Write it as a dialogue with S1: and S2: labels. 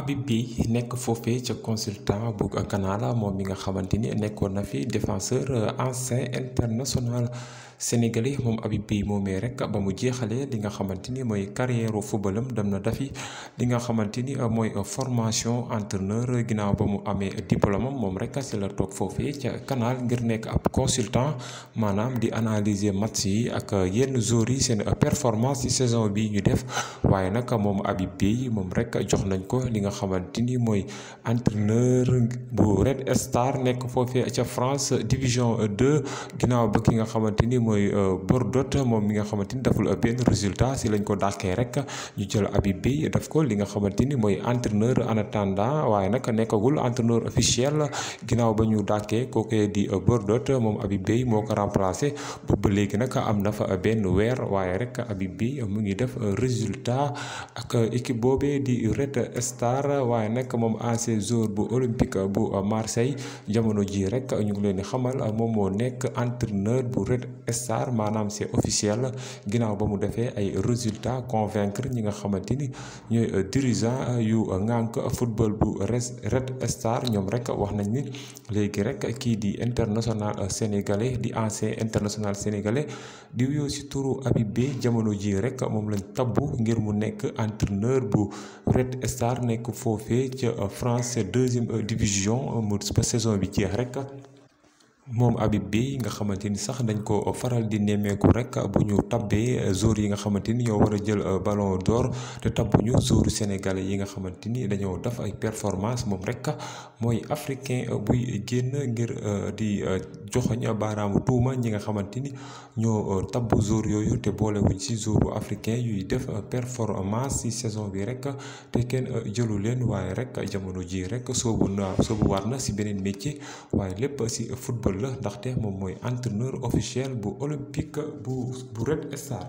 S1: Habib Beye nekk foofee ca consultant bu Canal moom mi nga xamante ni nekkoon na fi défenseur euh, ancien international sénégalais moom Habib Beye moomee rek ba mu jeexalee li xamante ni mooy carrière footballam dem na dafi li nga xamante ni euh, mooy formation entraîneur ginnaaw ba mu amee diplôme moom rek si la toog foofee ca Canal ngir nekk ab consultant maanaam di analyser match yi ak euh, yenn joueurs yi seen performance ci saison bi ñu def waaye nag moom Habib Beye moom rek jox nañ ko li nga nga xamante ni mooy entraîneur bu Red Star nekk foofee ca France division 2 ginnaaw ba ki nga xamante ni mooy euh, Bordeaux moom mi nga xamante ni deful benn résultat si lañ ko dàqee rek ñu jël abi Beye daf ko li nga xamante ni mooy entraîneur en attendant waaye nag nekkagul entraîneur officiel ginnaaw ba ñu dàqee kookee di euh, Bordeaux moom abi Beye moo ko remplacé ba léegi nag am na fa benn weer waaye rek Habib Beye mu ngi def euh, résultat ak équipe boobee di Red Qatar waaye nag moom ancien joueur bu olympique bu Marseille jamono ji rek ñu ngi leen di xamal moom moo nekk entraîneur bu Red Star maanaam c'est officiel ginnaaw ba mu defee ay résultat convaincre ñi nga xamante ni ñooy dirigeant yu ngànk football bu Red Star ñoom rek wax nañ ni léegi rek kii di international sénégalais di ancien international sénégalais di wuyoo ci turu Habib jamono ji rek moom lañ tabbu ngir mu nekk entraîneur bu Red Star nekk nekk foofee ca euh, France deuxième euh, division euh, mu saison bi jeex rek moom Habib Beye nga xamante ni sax dañ ko faral di nemmeeku rek bu ñu tabbee euh, joueurs yi nga xamante ni ñoo war a jël euh, ballon door te ñu joueurs sénégalais yi nga xamante ni dañoo def ay performance moom rek mooy africain euh, buy génn ngir di joxoñ baaraamu tuuma ñi nga xamante ni ñoo tabbu joueurs yooyu te boolewuñ si joueurs africain yuy def performance si saison bi rek te kenn jëlu leen waaye rek jamono ji rek soobu na soobu war na si beneen métier waaye lépp la ndaxte moom mooy entraîneur officiel bu olympique bu bu Star